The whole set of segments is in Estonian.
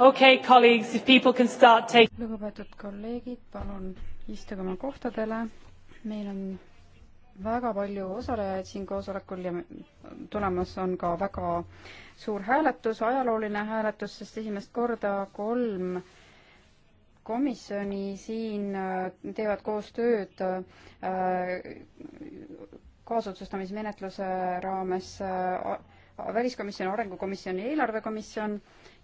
Okay, colleagues, if people can start take- lugupeetud kolleegid, palun istuge oma kohtadele. meil on väga palju osalejaid siin koosolekul ja tulemas on ka väga suur hääletus, ajalooline hääletus, sest esimest korda kolm komisjoni siin äh, teevad koostööd äh, kaasotsustamismenetluse raames äh, väliskomisjon, arengukomisjon ja eelarvekomisjon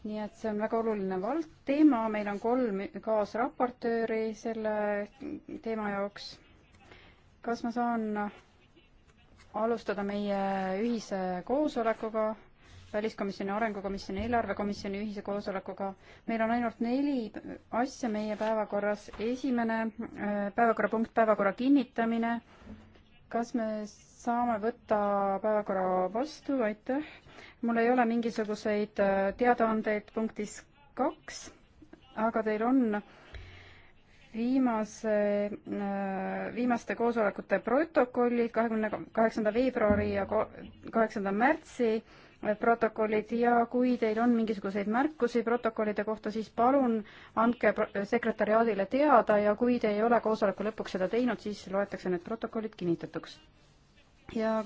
nii et see on väga oluline vald-, teema, meil on kolm kaasraportööri selle teema jaoks. kas ma saan alustada meie ühise koosolekuga, väliskomisjoni, arengukomisjoni, eelarvekomisjoni ühise koosolekuga. meil on ainult neli asja meie päevakorras. esimene äh, päevakorrapunkt, päevakorra kinnitamine kas me saame võtta päevakorra vastu, aitäh. mul ei ole mingisuguseid äh, teadaandeid punktis kaks, aga teil on viimase, äh, viimaste koosolekute protokollid kahekümne kaheksanda veebruari ja kaheksanda märtsi protokollid ja kui teil on mingisuguseid märkusi protokollide kohta, siis palun andke sekretäriaadile teada ja kui te ei ole koosoleku lõpuks seda teinud, siis loetakse need protokollid kinnitatuks. ja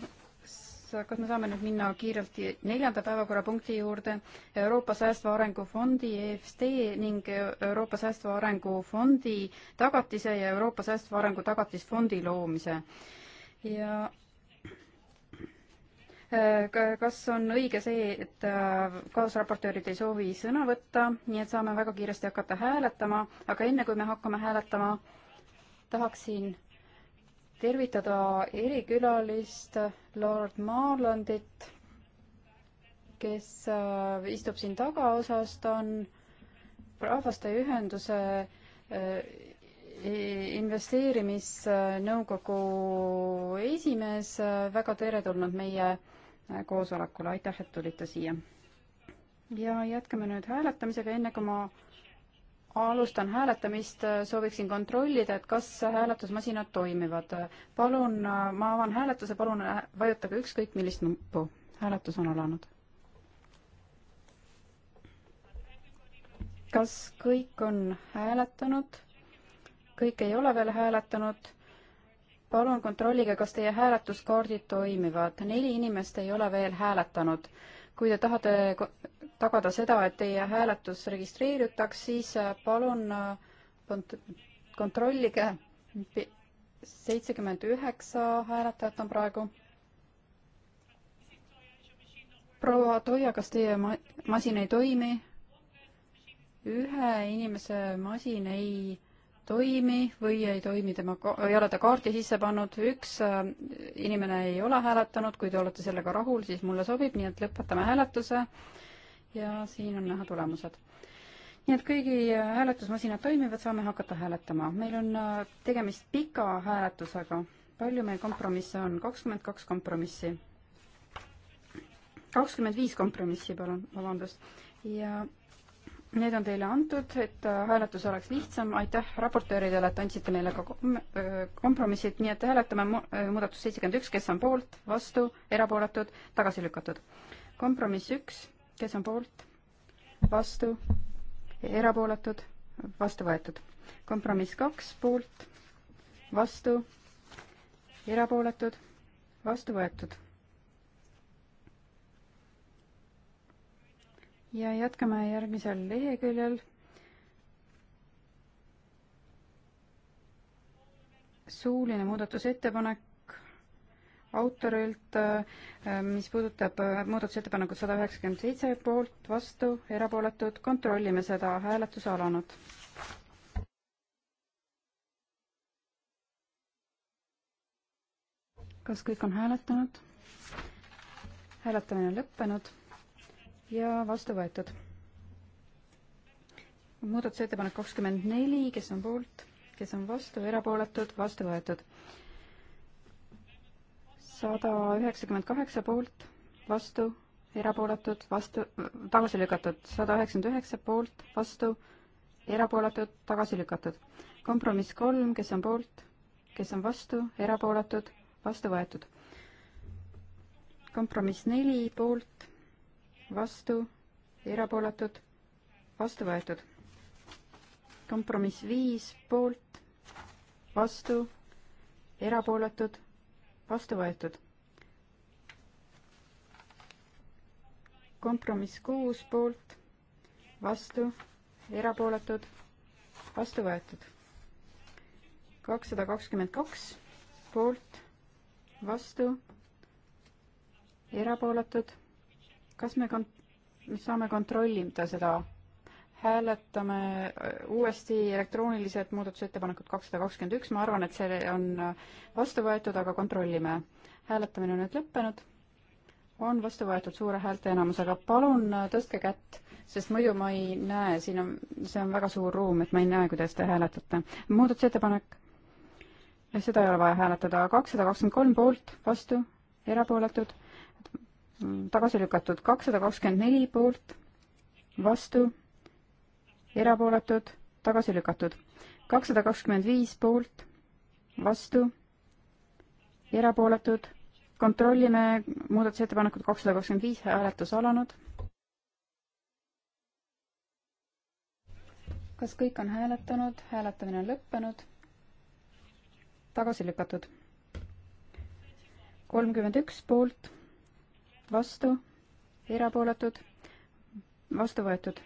kas me saame nüüd minna kiirelt neljanda päevakorrapunkti juurde, Euroopa Säästva Arengu Fondi EFSD ning Euroopa Säästva Arengu Fondi tagatise ja Euroopa Säästva Arengu tagatisfondi loomise. ja Äh, kas on õige see, et äh, kaasraportöörid ei soovi sõna võtta, nii et saame väga kiiresti hakata hääletama, aga enne kui me hakkame hääletama, tahaksin tervitada erikülalist Lord Marlandit, kes äh, istub siin tagaosas, ta on rahvaste ühenduse investeerimisnõukogu esimees, väga teretulnud meie äh, Äh, koosolekule, aitäh, et tulite siia. ja jätkame nüüd hääletamisega, enne kui ma alustan hääletamist, äh, sooviksin kontrollida, et kas hääletusmasinad toimivad. palun, äh, ma avan hääletuse, palun vajutage ükskõik millist nuppu. hääletus on alanud. kas kõik on hääletanud? kõik ei ole veel hääletanud palun kontrollige, kas teie hääletuskaardid toimivad. neli inimest ei ole veel hääletanud. kui te tahate tagada seda, et teie hääletus registreerutaks, siis äh, palun äh, kontrollige. seitsekümmend üheksa hääletajat on praegu. proua Toia, kas teie ma-, masin ei toimi? ühe inimese masin ei toimi või ei toimi tema, ei ole ta kaarti sisse pannud, üks äh, inimene ei ole hääletanud, kui te olete sellega rahul, siis mulle sobib, nii et lõpetame hääletuse ja siin on näha tulemused. nii et kõigi äh, hääletusmasinad toimivad, saame hakata hääletama. meil on äh, tegemist pika hääletusega. palju meil kompromisse on? kakskümmend kaks kompromissi. kakskümmend viis kompromissi, palun, vabandust. ja Need on teile antud, et äh, hääletus oleks lihtsam. aitäh raportööridele, et andsite meile ka äh, kompromissid, nii et hääletame äh, muudatus seitsekümmend üks, kes on poolt, vastu, erapooletud, tagasi lükatud. kompromiss üks, kes on poolt, vastu, erapooletud, vastu võetud. kompromiss kaks, poolt, vastu, erapooletud, vastu võetud ja jätkame järgmisel leheküljel. suuline muudatusettepanek autorilt, äh, mis puudutab äh, muudatusettepanekut sada üheksakümmend seitse poolt, vastu, erapooletud, kontrollime seda, hääletus alanud. kas kõik on hääletanud? hääletamine on lõppenud ja vastu võetud. muudatusettepanek kakskümmend neli, kes on poolt, kes on vastu, erapooletud, vastu võetud. sada üheksakümmend kaheksa poolt, vastu, erapooletud, vastu, tagasi lükatud, sada üheksakümmend üheksa poolt, vastu, erapooletud, tagasi lükatud. kompromiss kolm, kes on poolt, kes on vastu, erapooletud, vastu võetud. kompromiss neli poolt vastu, erapooletud, vastu võetud. kompromiss viis poolt, vastu, erapooletud, vastu võetud. kompromiss kuus poolt, vastu, erapooletud, vastu võetud. kakssada kakskümmend kaks poolt, vastu, erapooletud kas me kon-, saame kontrollida seda? hääletame äh, uuesti elektroonilised muudatusettepanekud kakssada kakskümmend üks, ma arvan, et see on äh, vastu võetud, aga kontrollime. hääletamine on nüüd lõppenud, on vastu võetud suure häälteenamusega, palun äh, tõstke kätt, sest muidu ma ei näe, siin on, see on väga suur ruum, et ma ei näe, kuidas te hääletate. muudatusettepanek, seda ei ole vaja hääletada, kakssada kakskümmend kolm poolt, vastu, erapooletud, tagasi lükatud kakssada kakskümmend neli poolt, vastu, erapooletud, tagasi lükatud. kakssada kakskümmend viis poolt, vastu, erapooletud, kontrollime muudatusettepanekut kakssada kakskümmend viis, hääletus alanud. kas kõik on hääletanud, hääletamine on lõppenud, tagasi lükatud. kolmkümmend üks poolt vastu, erapooletud, vastu võetud.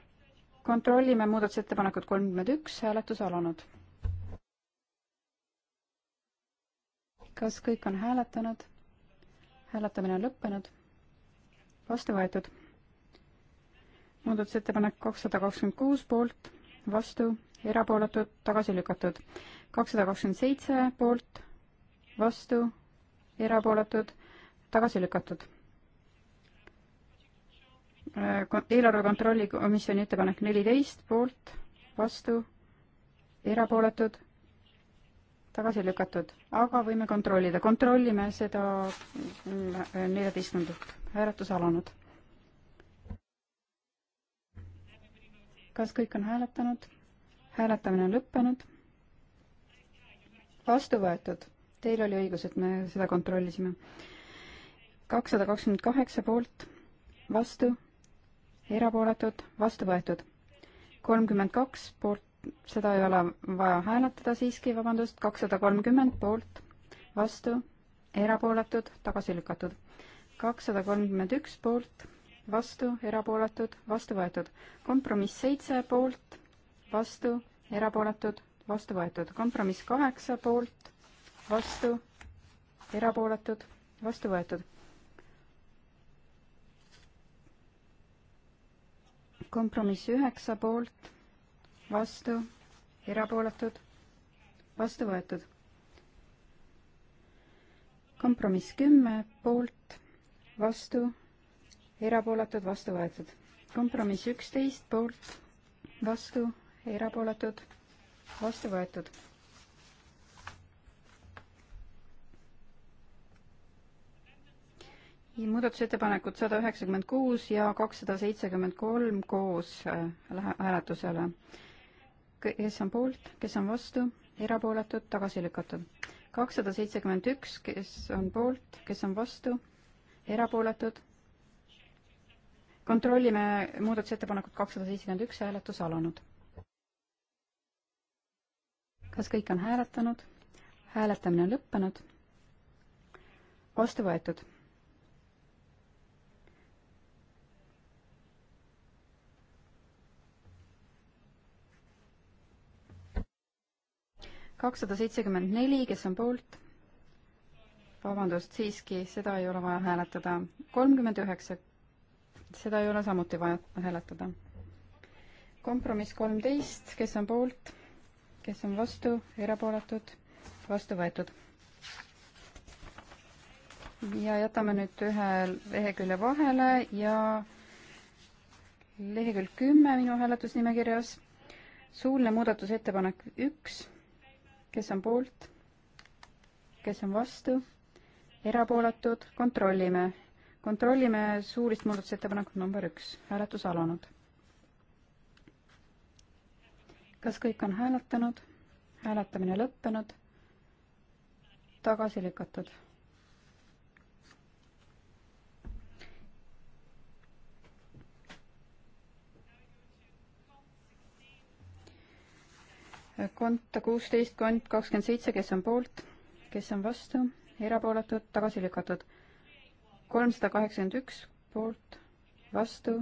kontrollime muudatusettepanekut kolmkümmend üks, hääletus alanud. kas kõik on hääletanud? hääletamine on lõppenud. vastu võetud. muudatusettepanek kakssada kakskümmend kuus poolt, vastu, erapooletud, tagasi lükatud. kakssada kakskümmend seitse poolt, vastu, erapooletud, tagasi lükatud eelarve kontrolli komisjoni ettepanek neliteist poolt, vastu, erapooletud, tagasi lükatud, aga võime kontrollida, kontrollime seda neljateistkümnendat, hääletus alanud. kas kõik on hääletanud? hääletamine on lõppenud. vastu võetud, teil oli õigus, et me seda kontrollisime. kakssada kakskümmend kaheksa poolt, vastu erapooletud, vastu võetud. kolmkümmend kaks poolt, seda ei ole vaja hääletada siiski, vabandust, kakssada kolmkümmend poolt, vastu, erapooletud, tagasi lükatud. kakssada kolmkümmend üks poolt, vastu, erapooletud, vastu võetud. kompromiss seitse poolt, vastu, erapooletud, vastu võetud. kompromiss kaheksa poolt, vastu, erapooletud, vastu võetud kompromiss üheksa poolt, vastu, erapooletud, vastu võetud. kompromiss kümme poolt, vastu, erapooletud, vastu võetud. kompromiss üksteist poolt, vastu, erapooletud, vastu võetud muudatusettepanekud sada üheksakümmend kuus ja kakssada seitsekümmend kolm koos äh, hääletusele. kes on poolt, kes on vastu, erapooletud, tagasi lükatud. kakssada seitsekümmend üks, kes on poolt, kes on vastu, erapooletud. kontrollime muudatusettepanekut kakssada seitsekümmend üks, hääletus alanud. kas kõik on hääletanud? hääletamine on lõppenud. vastu võetud kakssada seitsekümmend neli, kes on poolt? vabandust, siiski, seda ei ole vaja hääletada. kolmkümmend üheksa, seda ei ole samuti vaja hääletada. kompromiss kolmteist, kes on poolt, kes on vastu, erapooletud, vastu võetud. ja jätame nüüd ühe lehekülje vahele ja lehekülg kümme minu hääletusnimekirjas, suuline muudatusettepanek üks kes on poolt, kes on vastu, erapooletud, kontrollime. kontrollime suulist muudatusettepanekut number üks, hääletus alanud. kas kõik on hääletanud? hääletamine lõppenud, tagasi lükatud kont kuusteist, kont kakskümmend seitse, kes on poolt, kes on vastu, erapooletud, tagasi lükatud. kolmsada kaheksakümmend üks poolt, vastu,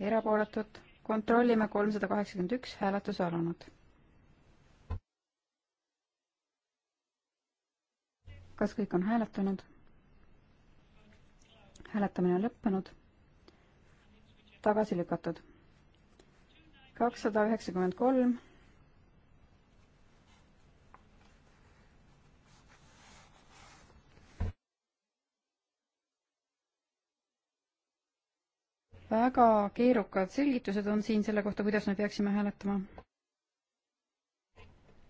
erapooletud, kontrollime kolmsada kaheksakümmend üks, hääletus alanud. kas kõik on hääletanud? hääletamine on lõppenud. tagasi lükatud. kakssada üheksakümmend kolm väga keerukad selgitused on siin selle kohta, kuidas me peaksime hääletama.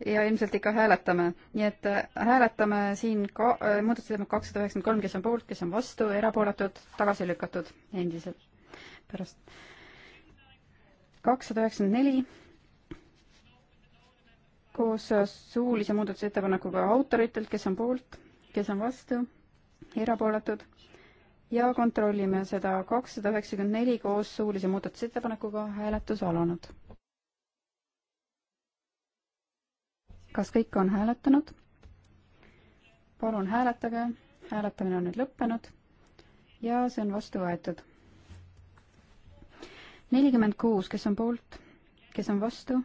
ja ilmselt ikka hääletame, nii et äh, hääletame siin ka äh, muudatusettepanek kakssada üheksakümmend kolm, kes on poolt, kes on vastu, erapooletud, tagasi lükatud endiselt pärast. kakssada üheksakümmend neli koos äh, suulise muudatusettepanekuga autoritelt, kes on poolt, kes on vastu, erapooletud, ja kontrollime seda kakssada üheksakümmend neli koos suulise muudatusettepanekuga hääletus alanud. kas kõik on hääletanud? palun hääletage, hääletamine on nüüd lõppenud ja see on vastu võetud. nelikümmend kuus, kes on poolt, kes on vastu?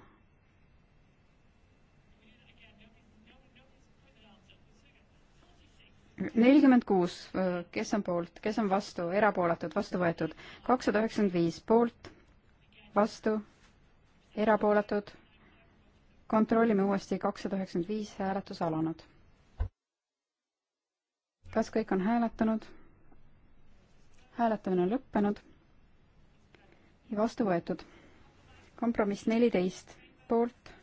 nelikümmend kuus, kes on poolt, kes on vastu, erapooletud, vastu võetud. kakssada üheksakümmend viis poolt, vastu, erapooletud. kontrollime uuesti, kakssada üheksakümmend viis, hääletus alanud. kas kõik on hääletanud? hääletamine on lõppenud ja vastu võetud. kompromiss neliteist poolt,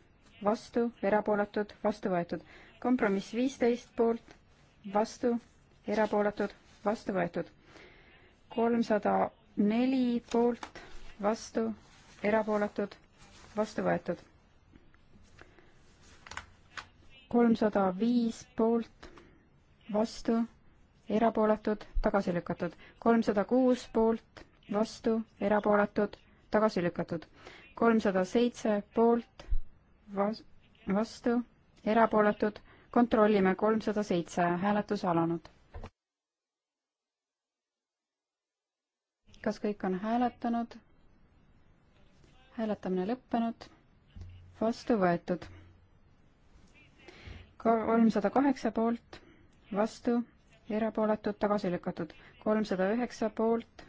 vastu, erapooletud, vastu võetud. kompromiss viisteist poolt vastu, erapooletud, vastu võetud. kolmsada neli poolt, vastu, erapooletud, vastu võetud. kolmsada viis poolt, vastu, erapooletud, tagasi lükatud. kolmsada kuus poolt, vastu, erapooletud, tagasi lükatud. kolmsada seitse poolt, vastu, erapooletud kontrollime kolmsada seitse, hääletus alanud. kas kõik on hääletanud? hääletamine lõppenud, vastu võetud. kolmsada kaheksa poolt, vastu, erapooletud, tagasi lükatud. kolmsada üheksa poolt,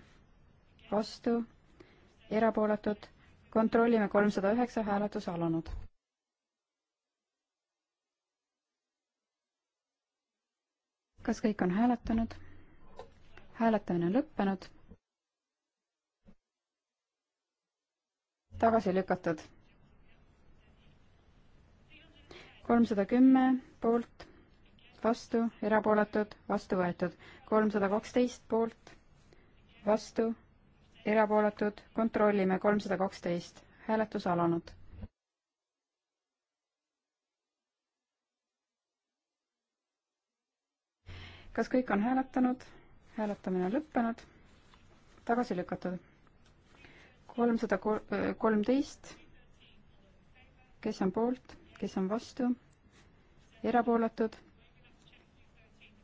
vastu, erapooletud, kontrollime kolmsada üheksa, hääletus alanud kas kõik on hääletanud? hääletamine on lõppenud. tagasi lükatud. kolmsada kümme poolt, vastu, erapooletud, vastu võetud. kolmsada kaksteist poolt, vastu, erapooletud, kontrollime kolmsada kaksteist, hääletus alanud kas kõik on hääletanud? hääletamine on lõppenud. tagasi lükatud. kolmsada äh, kolmteist. kes on poolt, kes on vastu? erapooletud?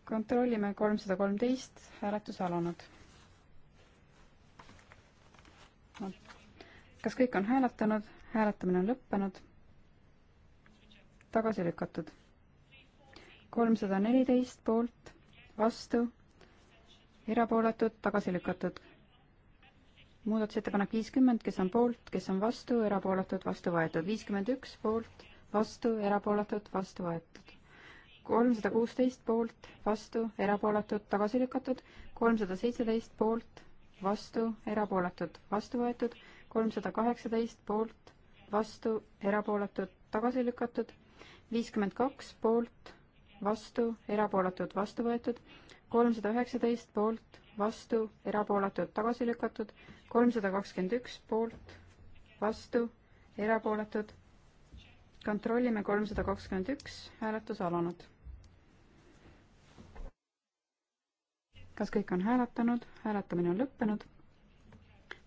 kontrollime kolmsada kolmteist, hääletus alanud. kas kõik on hääletanud? hääletamine on lõppenud. tagasi lükatud. kolmsada neliteist poolt vastu, erapooletud, tagasi lükatud. muudatusettepanek viiskümmend, kes on poolt, kes on vastu, erapooletud, vastu võetud. viiskümmend üks poolt, vastu, erapooletud, vastu võetud. kolmsada kuusteist poolt, vastu, erapooletud, tagasi lükatud. kolmsada seitseteist poolt, vastu, erapooletud, vastu võetud. kolmsada kaheksateist poolt, vastu, erapooletud, tagasi lükatud. viiskümmend kaks poolt vastu, erapooletud, vastu võetud, kolmsada üheksateist poolt, vastu, erapooletud, tagasi lükatud, kolmsada kakskümmend üks poolt, vastu, erapooletud. kontrollime kolmsada kakskümmend üks, hääletus alanud. kas kõik on hääletanud? hääletamine on lõppenud.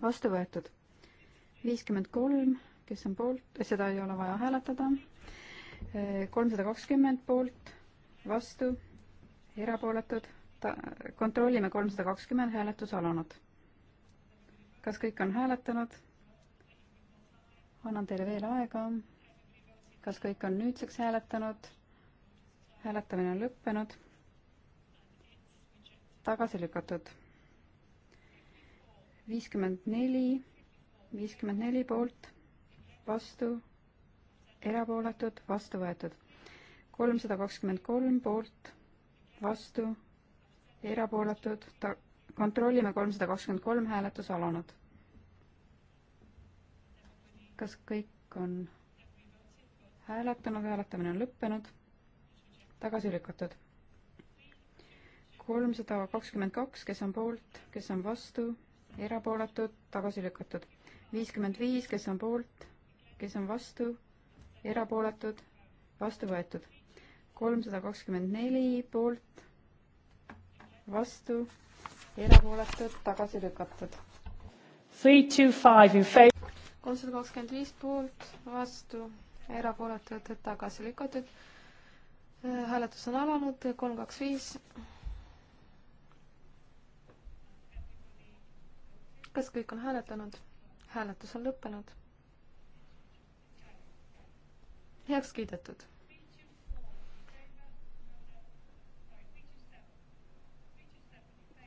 vastu võetud. viiskümmend kolm, kes on poolt, seda ei ole vaja hääletada. kolmsada kakskümmend poolt vastu, erapooletud, ta, kontrollime kolmsada kakskümmend hääletus alanud. kas kõik on hääletanud? annan teile veel aega. kas kõik on nüüdseks hääletanud? hääletamine on lõppenud. tagasi lükatud. viiskümmend neli, viiskümmend neli poolt, vastu, erapooletud, vastu võetud kolmsada kakskümmend kolm poolt, vastu, erapooletud, ta, kontrollime kolmsada kakskümmend kolm hääletus alanud. kas kõik on hääletanud, hääletamine on lõppenud, tagasi lükatud. kolmsada kakskümmend kaks, kes on poolt, kes on vastu, erapooletud, tagasi lükatud. viiskümmend viis, kes on poolt, kes on vastu, erapooletud, vastu võetud kolmsada kakskümmend neli poolt, vastu, erapooletud, tagasi lükatud. kolmsada kakskümmend viis poolt, vastu, erapooletud, tagasi lükatud. Äh, hääletus on alanud, kolm, kaks, viis. kas kõik on hääletanud? hääletus on lõppenud. heaks kiidetud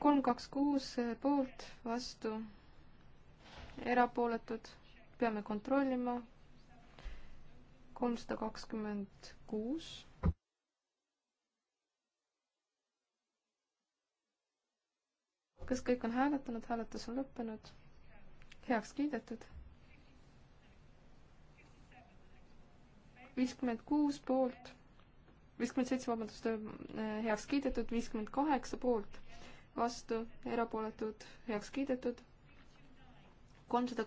kolm, kaks, kuus eh, poolt, vastu, erapooletud, peame kontrollima. kolmsada kakskümmend kuus. kas kõik on hääletanud, hääletus on lõppenud, heaks kiidetud. viiskümmend kuus poolt, viiskümmend seitse, vabandust, eh, heaks kiidetud, viiskümmend kaheksa poolt vastu, erapooletud, heaks kiidetud. kolmsada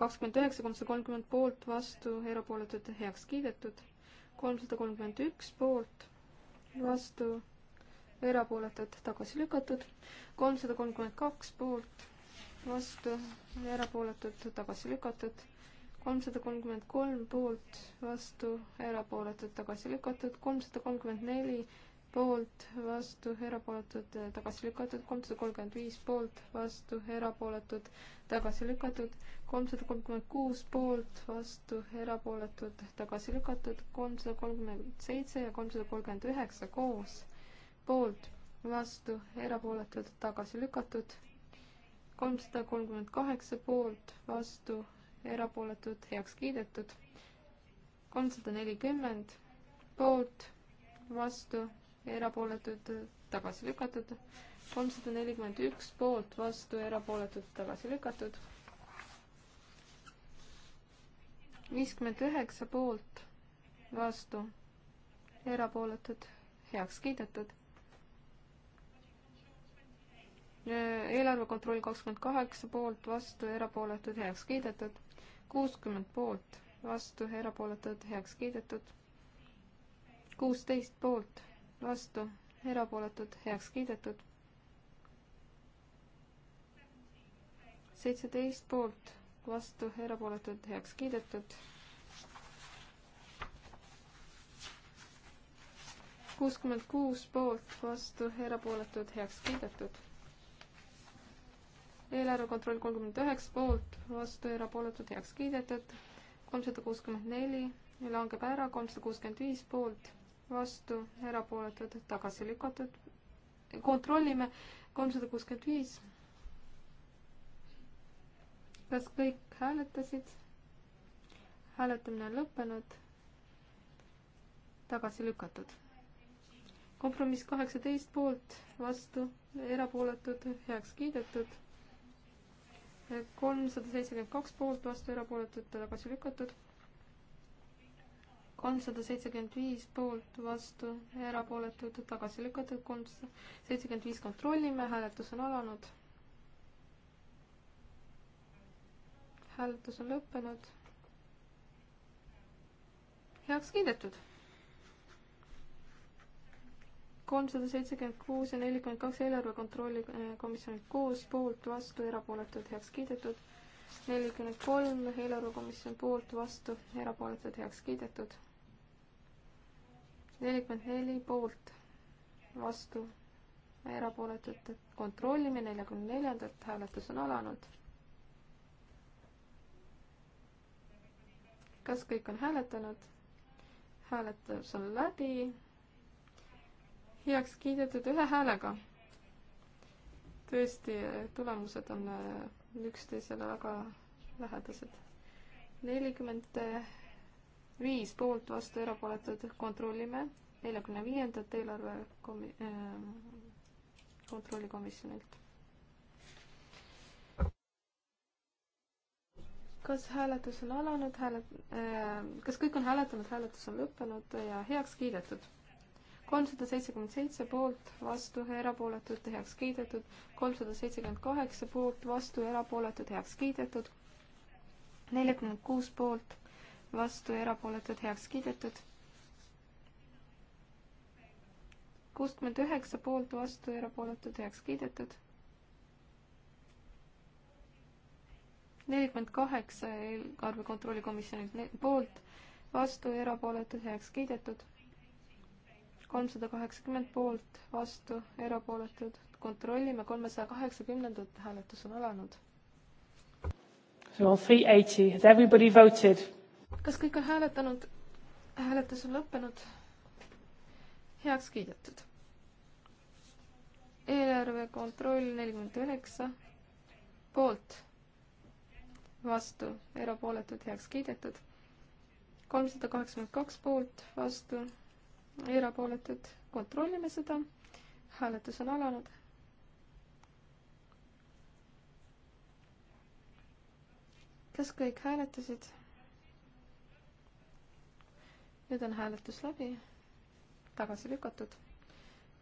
kakskümmend üheksa, kolmsada kolmkümmend poolt, vastu, erapooletud, heaks kiidetud. kolmsada kolmkümmend üks poolt, vastu, erapooletud, tagasi lükatud. kolmsada kolmkümmend kaks poolt, vastu, erapooletud, tagasi lükatud kolmsada kolmkümmend kolm poolt, vastu, erapooletud, tagasi lükatud, kolmsada kolmkümmend neli poolt, vastu, erapooletud, tagasi lükatud, kolmsada kolmkümmend viis poolt, vastu, erapooletud, tagasi lükatud, kolmsada kolmkümmend kuus poolt, vastu, erapooletud, tagasi lükatud, kolmsada kolmkümmend seitse ja kolmsada kolmkümmend üheksa koos, poolt, vastu, erapooletud, tagasi lükatud, kolmsada kolmkümmend kaheksa poolt, vastu, erapooletud, heaks kiidetud, kolmsada nelikümmend poolt, vastu, erapooletud, tagasi lükatud. kolmsada nelikümmend üks poolt, vastu, erapooletud, tagasi lükatud. viiskümmend üheksa poolt, vastu, erapooletud, heaks kiidetud. eelarve kontroll kakskümmend kaheksa poolt, vastu, erapooletud, heaks kiidetud. kuuskümmend poolt, vastu, erapooletud, heaks kiidetud. kuusteist poolt vastu, erapooletud, heaks kiidetud. seitseteist poolt, vastu, erapooletud, heaks kiidetud. kuuskümmend kuus poolt, vastu, erapooletud, heaks kiidetud. eelarve kontroll kolmkümmend üheksa poolt, vastu, erapooletud, heaks kiidetud. kolmsada kuuskümmend neli langeb ära, kolmsada kuuskümmend viis poolt vastu, erapooletud, tagasi lükatud. kontrollime, kolmsada kuuskümmend viis. kas kõik hääletasid? hääletamine on lõppenud. tagasi lükatud kompromiss kaheksateist poolt, vastu, erapooletud, heaks kiidetud. kolmsada seitsekümmend kaks poolt, vastu, erapooletud, tagasi lükatud kolmsada seitsekümmend viis poolt, vastu, erapooletud, tagasi lükatud, kolmsada seitsekümmend viis kontrollime, hääletus on alanud. hääletus on lõppenud. heaks kiidetud kolmsada seitsekümmend kuus ja nelikümmend kaks eelarve kontrolli eh, komisjonilt koos, poolt, vastu, erapooletud, heaks kiidetud. nelikümmend kolm eelarve komisjon poolt, vastu, erapooletud, heaks kiidetud nelikümmend neli poolt, vastu, erapooletut. kontrollime neljakümne neljandat, hääletus on alanud. kas kõik on hääletanud? hääletus on läbi. heaks kiidetud ühe häälega. tõesti, tulemused on äh, üksteisele väga lähedased. nelikümmend 40 viis poolt, vastu, erapooletud, kontrollime neljakümne viiendat eelarve komi-, äh, kontrollikomisjonilt. kas hääletus on alanud, hääled äh,, kas kõik on hääletanud, hääletus on lõppenud ja heaks kiidetud? kolmsada seitsekümmend seitse poolt, vastu, erapooletud, heaks kiidetud, kolmsada seitsekümmend kaheksa poolt, vastu, erapooletud, heaks kiidetud, neljakümmend kuus poolt vastu ja erapooletud heaks kiidetud. kuuskümmend üheksa poolt, vastu ja erapooletud heaks kiidetud. nelikümmend kaheksa eelarve kontrolli komisjonilt poolt, vastu ja erapooletud heaks kiidetud. kolmsada kaheksakümmend poolt, vastu, erapooletud, kontrollime kolmesaja kaheksakümnendat, hääletus on alanud. So on 380, has everybody voted? kas kõik on hääletanud? hääletus on lõppenud. heaks kiidetud. eelarve kontroll nelikümmend üheksa, poolt, vastu, erapooletud, heaks kiidetud. kolmsada kaheksakümmend kaks poolt, vastu, erapooletud, kontrollime seda. hääletus on alanud. kas kõik hääletasid? nüüd on hääletus läbi, tagasi lükatud.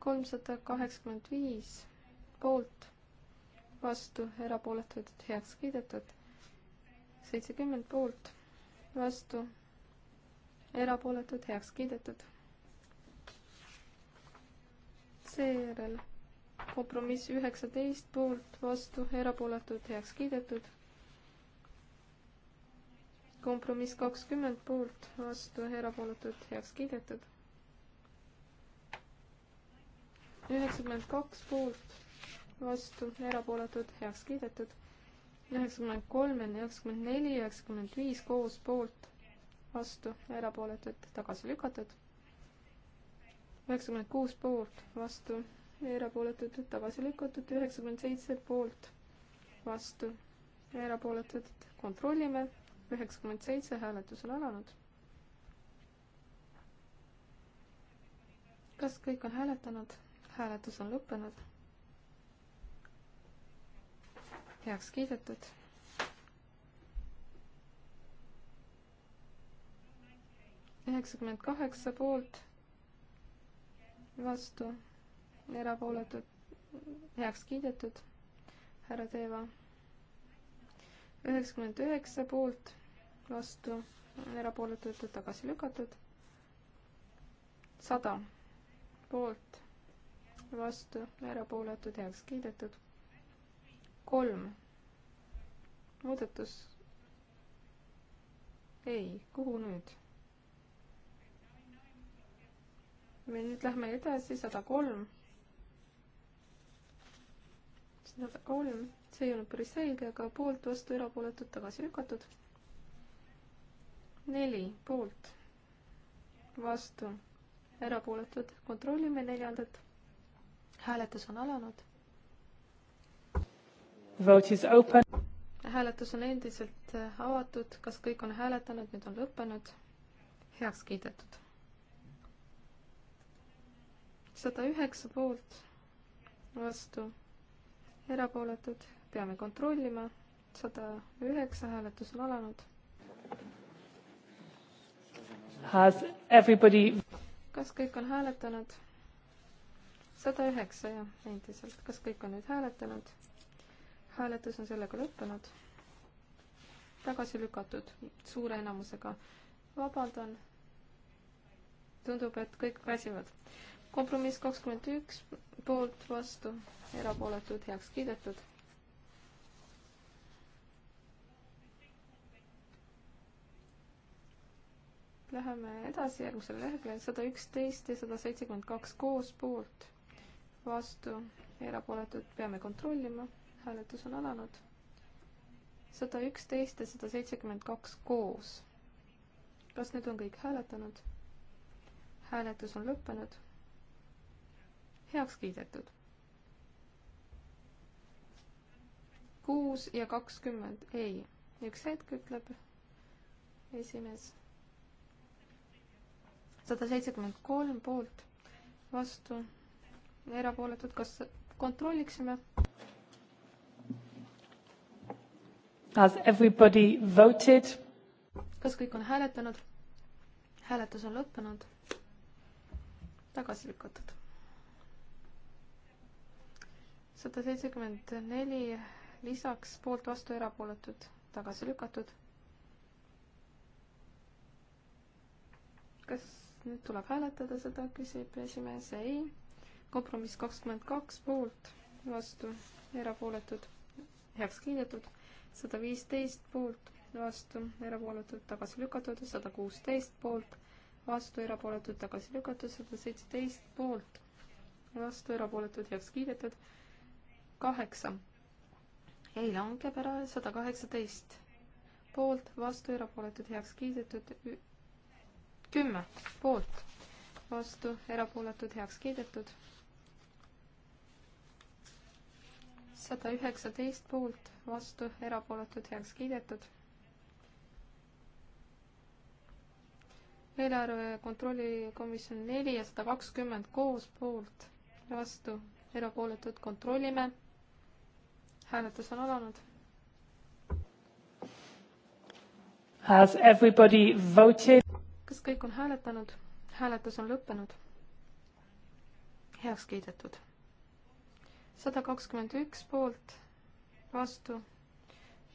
kolmsada kaheksakümmend viis poolt, vastu, erapooletud, heaks kiidetud. seitsekümmend poolt, vastu, erapooletud, heaks kiidetud. seejärel kompromiss üheksateist poolt, vastu, erapooletud, heaks kiidetud kompromiss kakskümmend poolt, vastu, erapooletud, heaks kiidetud. üheksakümmend kaks poolt, vastu, erapooletud, heaks kiidetud. üheksakümmend kolm ja üheksakümmend neli, üheksakümmend viis koos poolt, vastu, erapooletud, tagasi lükatud. üheksakümmend kuus poolt, vastu, erapooletud, tagasi lükatud, üheksakümmend seitse poolt, vastu, erapooletud, kontrollime üheksakümmend seitse hääletusel alanud. kas kõik on hääletanud? hääletus on lõppenud. heaks kiidetud. üheksakümmend kaheksa poolt, vastu, erapooletud, heaks kiidetud. härra Teeva üheksakümmend üheksa poolt, vastu, erapooletud, tagasi lükatud. sada poolt, vastu, erapooletud, heaks kiidetud. kolm muudatus. ei, kuhu nüüd? või nüüd lähme edasi, sada kolm sada kolm, see ei olnud päris selge, aga poolt, vastu, erapooletud, tagasi lükatud. neli poolt, vastu, erapooletud, kontrollime neljandat. hääletus on alanud. Vote is open. hääletus on endiselt äh, avatud, kas kõik on hääletanud, nüüd on lõppenud, heaks kiidetud. sada üheksa poolt, vastu erapooletud, peame kontrollima, sada üheksa hääletus on alanud. Has everybody kas kõik on hääletanud? sada üheksa ja endiselt, kas kõik on nüüd hääletanud? hääletus on sellega lõppenud. tagasi lükatud suure enamusega. vabandan. tundub, et kõik väsivad kompromiss kakskümmend üks, poolt, vastu, erapooletud, heaks kiidetud. Läheme edasi järgmisele leheküljele, sada üksteist ja sada seitsekümmend kaks koos, poolt, vastu, erapooletud, peame kontrollima, hääletus on alanud. sada üksteist ja sada seitsekümmend kaks koos. kas nüüd on kõik hääletanud? hääletus on lõppenud heaks kiidetud. kuus ja kakskümmend, ei, üks hetk ütleb esimees. sada seitsekümmend kolm poolt, vastu, erapooletud, kas kontrolliksime? Has everybody voted? kas kõik on hääletanud? hääletus on lõppenud. tagasi lükatud sada seitsekümmend neli lisaks poolt vastu erapooletud, tagasi lükatud. kas nüüd tuleb hääletada seda, küsib esimees, ei. kompromiss kakskümmend kaks poolt, vastu, erapooletud, heaks kiidetud, sada viisteist poolt, vastu, erapooletud, tagasi lükatud, sada kuusteist poolt, vastu, erapooletud, tagasi lükatud, sada seitseteist poolt, vastu, erapooletud, heaks kiidetud kaheksa. ei langeb ära, sada kaheksateist. poolt, vastu, erapooletud, heaks kiidetud. kümme, poolt, vastu, erapooletud, heaks kiidetud. sada üheksateist poolt, vastu, erapooletud, heaks kiidetud. eelarve kontrollikomisjon neli ja sada kakskümmend koos poolt, vastu, erapooletud, kontrollime hääletus on alanud. Has everybody voted? kas kõik on hääletanud? hääletus on lõppenud. heaks kiidetud. sada kakskümmend üks poolt, vastu,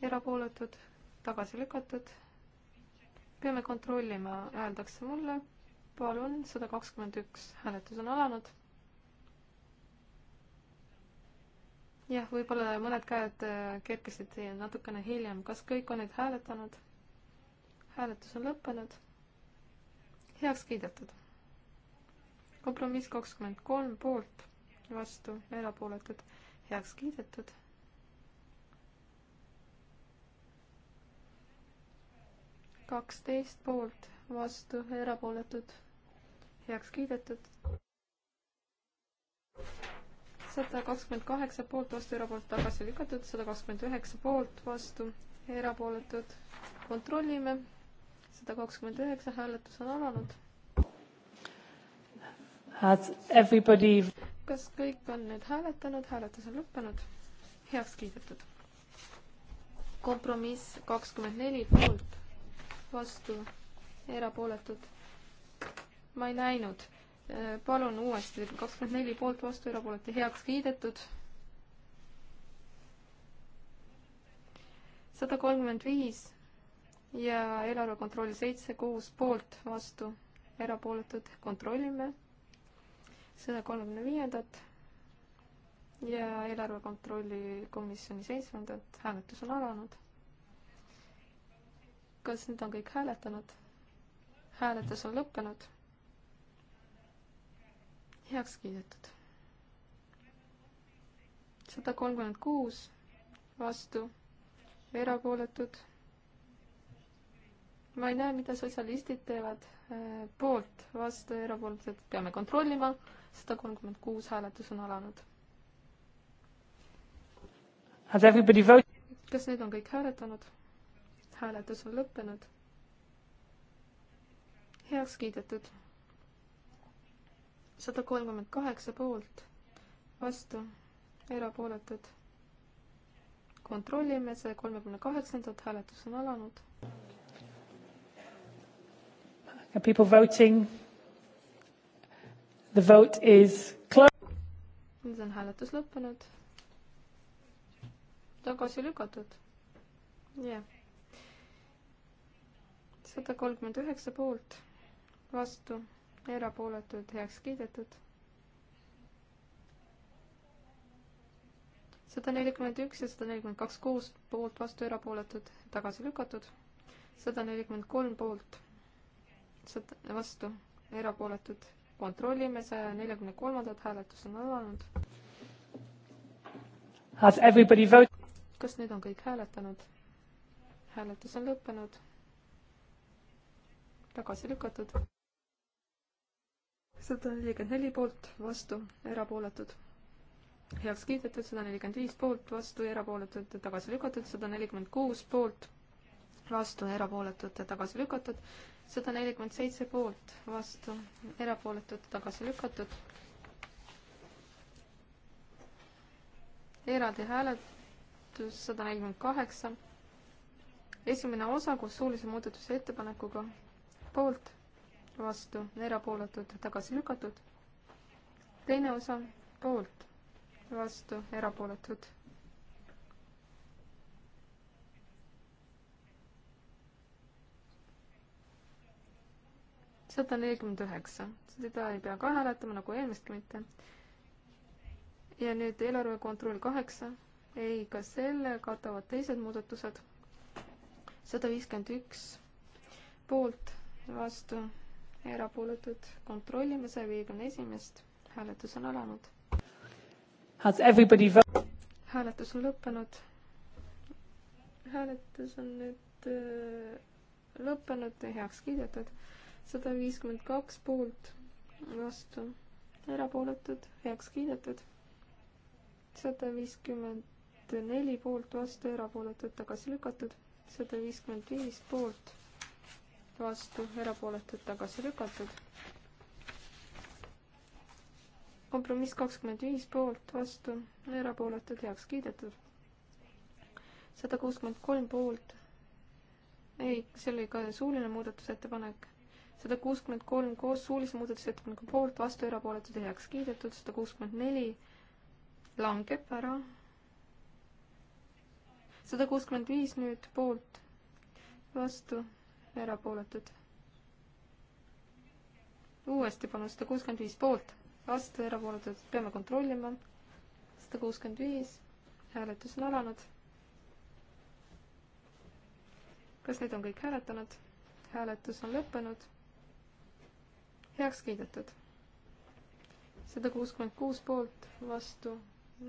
erapooletud, tagasi lükatud. peame kontrollima, öeldakse mulle. palun, sada kakskümmend üks, hääletus on alanud jah, võib-olla mõned käed äh, kerkisid natukene hiljem. kas kõik on nüüd hääletanud? hääletus on lõppenud. heaks kiidetud. kompromiss kakskümmend kolm poolt, vastu, erapooletud, heaks kiidetud. kaksteist poolt, vastu, erapooletud, heaks kiidetud sada kakskümmend kaheksa poolt, vastu, erapooletud, tagasi lükatud, sada kakskümmend üheksa poolt, vastu, erapooletud. kontrollime, sada kakskümmend üheksa, hääletus on alanud. Has everybody kas kõik on nüüd hääletanud, hääletus on lõppenud, heaks kiidetud. kompromiss kakskümmend neli poolt, vastu, erapooletud. ma ei näinud Äh, palun uuesti, kakskümmend neli poolt, vastu, erapooletu heaks kiidetud. sada kolmkümmend viis ja eelarve kontroll seitse, kuus poolt, vastu, erapooletud, kontrollime. sada kolmekümne viiendat ja eelarve kontrolli komisjoni seitsmendat, hääletus on alanud. kas nüüd on kõik hääletanud? hääletus on lõppenud heaks kiidetud. sada kolmkümmend kuus vastu, erapooletud. ma ei näe, mida sotsialistid teevad, äh, poolt, vastu, erapooletud, peame kontrollima, sada kolmkümmend kuus hääletus on alanud. kas nüüd on kõik hääletanud? hääletus on lõppenud. heaks kiidetud sada kolmkümmend kaheksa poolt, vastu, erapooletud. kontrollime saja kolmekümne kaheksandat, hääletus on alanud. Are people voting? The vote is closed. nüüd on hääletus lõppenud. tagasi lükatud. jah. sada kolmkümmend üheksa poolt, vastu erapooletud, heaks kiidetud. sada nelikümmend üks ja sada nelikümmend kaks koos, poolt, vastu, erapooletud, tagasi lükatud. sada nelikümmend kolm poolt, sada, vastu, erapooletud. kontrollime saja neljakümne kolmandat, hääletus on alanud. Has everybody voted? kas nüüd on kõik hääletanud? hääletus on lõppenud. tagasi lükatud sada nelikümmend neli poolt, vastu, erapooletud. heaks kiidetud, sada nelikümmend viis poolt, vastu, erapooletud, tagasi lükatud, sada nelikümmend kuus poolt, vastu, erapooletud, tagasi lükatud, sada nelikümmend seitse poolt, vastu, erapooletud, tagasi lükatud eraldi hääletus sada nelikümmend kaheksa. esimene osa koos suulise muudatuse ettepanekuga poolt, vastu, erapooletud, tagasi lükatud. teine osa poolt, vastu, erapooletud. sada nelikümmend üheksa, seda ei pea ka hääletama nagu eelmistki mitte. ja nüüd eelarve kontroll kaheksa, ei, ka selle katavad teised muudatused. sada viiskümmend üks poolt, vastu erapooletud, kontrollime saja viiekümne esimest, hääletus on alanud. hääletus on lõppenud. hääletus on nüüd äh, lõppenud ja heaks kiidetud. sada viiskümmend kaks poolt, vastu, erapooletud, heaks kiidetud. sada viiskümmend neli poolt, vastu, erapooletud, tagasi lükatud. sada viiskümmend viis poolt vastu, erapooletud, tagasi lükatud. kompromiss kakskümmend viis poolt, vastu, erapooletud, heaks kiidetud. sada kuuskümmend kolm poolt. ei, see oli ka suuline muudatusettepanek. sada kuuskümmend kolm koos suulise muudatusettepaneku poolt, vastu, erapooletud ja heaks kiidetud, sada kuuskümmend neli langeb ära. sada kuuskümmend viis nüüd poolt, vastu erapooletud. uuesti palun sada kuuskümmend viis poolt, vastu erapooletud, peame kontrollima. sada kuuskümmend viis, hääletus on alanud. kas need on kõik hääletanud? hääletus on lõppenud. heaks kiidetud. sada kuuskümmend kuus poolt, vastu,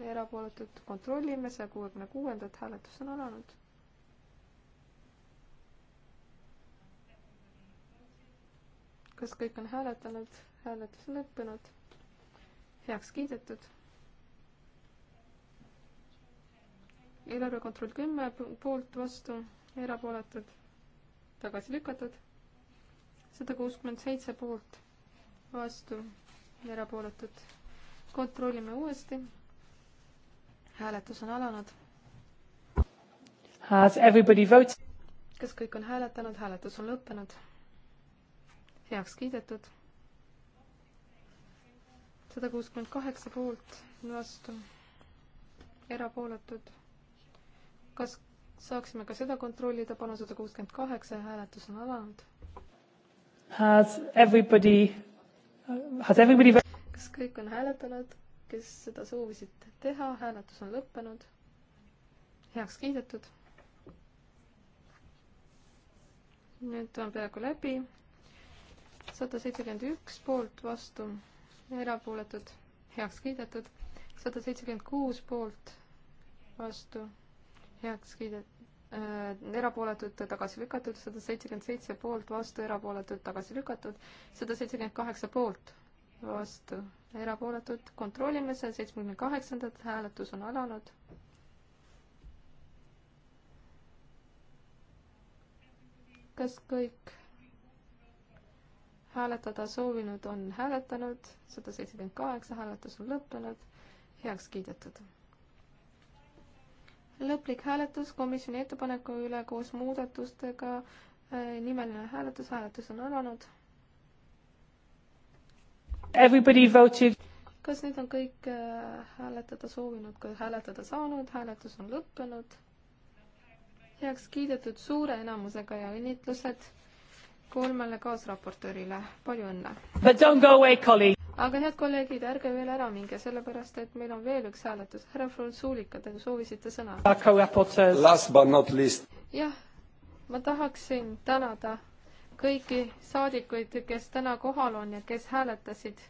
erapooletud, kontrollime saja kuuekümne kuuendat, hääletus on alanud kas kõik on hääletanud? hääletus lõppenud. heaks kiidetud. eelarve kontroll kümme poolt, vastu, erapooletud, tagasi lükatud. sada kuuskümmend seitse poolt, vastu, erapooletud. kontrollime uuesti. hääletus on alanud. Has everybody voted? kas kõik on hääletanud, hääletus on lõppenud heaks kiidetud. sada kuuskümmend kaheksa poolt, vastu, erapooletud. kas saaksime ka seda kontrollida, palun, sada kuuskümmend kaheksa, hääletus on alanud. Has everybody, has everybody kas kõik on hääletanud, kes seda soovisid teha, hääletus on lõppenud, heaks kiidetud nüüd on peaaegu läbi, sada seitsekümmend üks poolt, vastu, erapooletud, heaks kiidetud, sada seitsekümmend kuus poolt, vastu, heaks kiidetud äh,, erapooletud, tagasi lükatud, sada seitsekümmend seitse poolt, vastu, erapooletud, tagasi lükatud, sada seitsekümmend kaheksa poolt, vastu, erapooletud, kontrollime seal seitsmekümne kaheksandat, hääletus on alanud. kas kõik hääletada soovinud on hääletanud, sada seitsekümmend kaheksa hääletus on lõppenud, heaks kiidetud. lõplik hääletus komisjoni ettepaneku üle koos muudatustega, äh, nimeline hääletus, hääletus on alanud. Everybody voted. kas nüüd on kõik äh, hääletada soovinud, ka hääletada saanud, hääletus on lõppenud, heaks kiidetud suure enamusega ja õnnitlused kolmele kaasraportöörile, palju õnne! aga head kolleegid, ärge veel ära minge, sellepärast et meil on veel üks hääletus. härra Frunzulika, te soovisite sõna? jah, ma tahaksin tänada kõiki saadikuid, kes täna kohal on ja kes hääletasid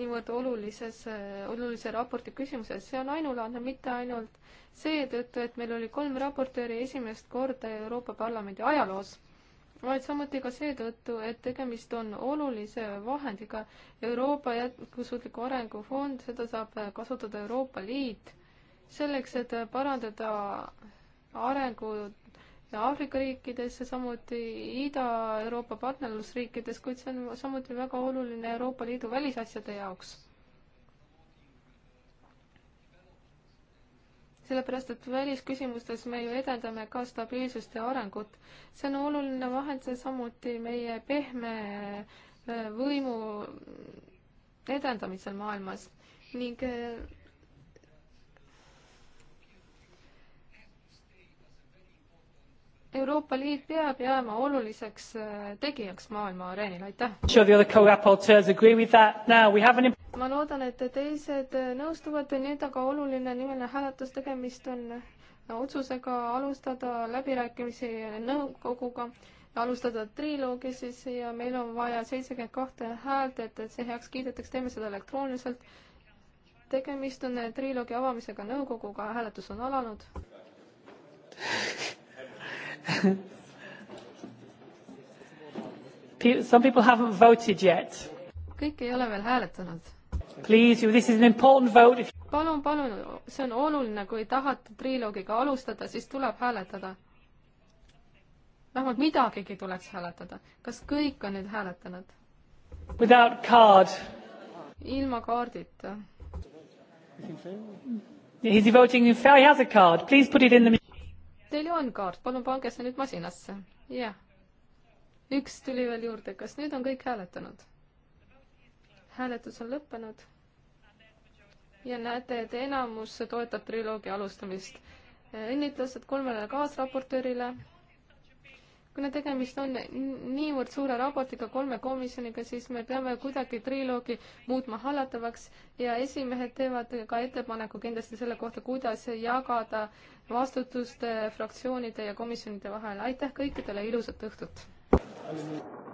niivõrd olulises, olulise raporti küsimuses, see on ainulaadne mitte ainult seetõttu, et meil oli kolm raportööri esimest korda Euroopa Parlamendi ajaloos vaid samuti ka seetõttu, et tegemist on olulise vahendiga. Euroopa Jätkusuutliku Arengu Fond, seda saab kasutada Euroopa Liit selleks, et parandada arengu Aafrika riikides, samuti Ida-Euroopa partnerlusriikides, kuid see on samuti väga oluline Euroopa Liidu välisasjade jaoks sellepärast et välisküsimustes me ju edendame ka stabiilsust ja arengut. see on oluline vahend samuti meie pehme äh, võimu edendamisel maailmas ning äh, Euroopa Liit peab jääma oluliseks äh, tegijaks maailma areenil, aitäh! ma loodan, et teised nõustuvad, nüüd aga oluline nimeline hääletus, tegemist on otsusega alustada läbirääkimisi nõukoguga, alustada triloogi siis ja meil on vaja seitsekümmend kahte häält, et, et see heaks kiidetaks, teeme seda elektrooniliselt. tegemist on triloogi avamisega nõukoguga, hääletus on alanud. Some people haven't voted yet. kõik ei ole veel hääletanud Please, this is an important vote. palun, palun, see on oluline, kui tahate triloogiga alustada, siis tuleb hääletada. vähemalt midagigi tuleks hääletada. kas kõik on nüüd hääletanud? Without card. ilma kaardita. He is voting in favor, he has a card, please put it in the. Teil ju on kaart, palun pange see nüüd masinasse. jah yeah.. üks tuli veel juurde, kas nüüd on kõik hääletanud? hääletus on lõppenud ja näete, et enamus toetab triloogia alustamist. õnnitlused kolmele kaasraportöörile. kuna tegemist on niivõrd suure raportiga kolme komisjoniga, siis me peame kuidagi triloogi muutma hallatavaks ja esimehed teevad ka ettepaneku kindlasti selle kohta, kuidas jagada vastutust fraktsioonide ja komisjonide vahel. aitäh kõikidele, ilusat õhtut!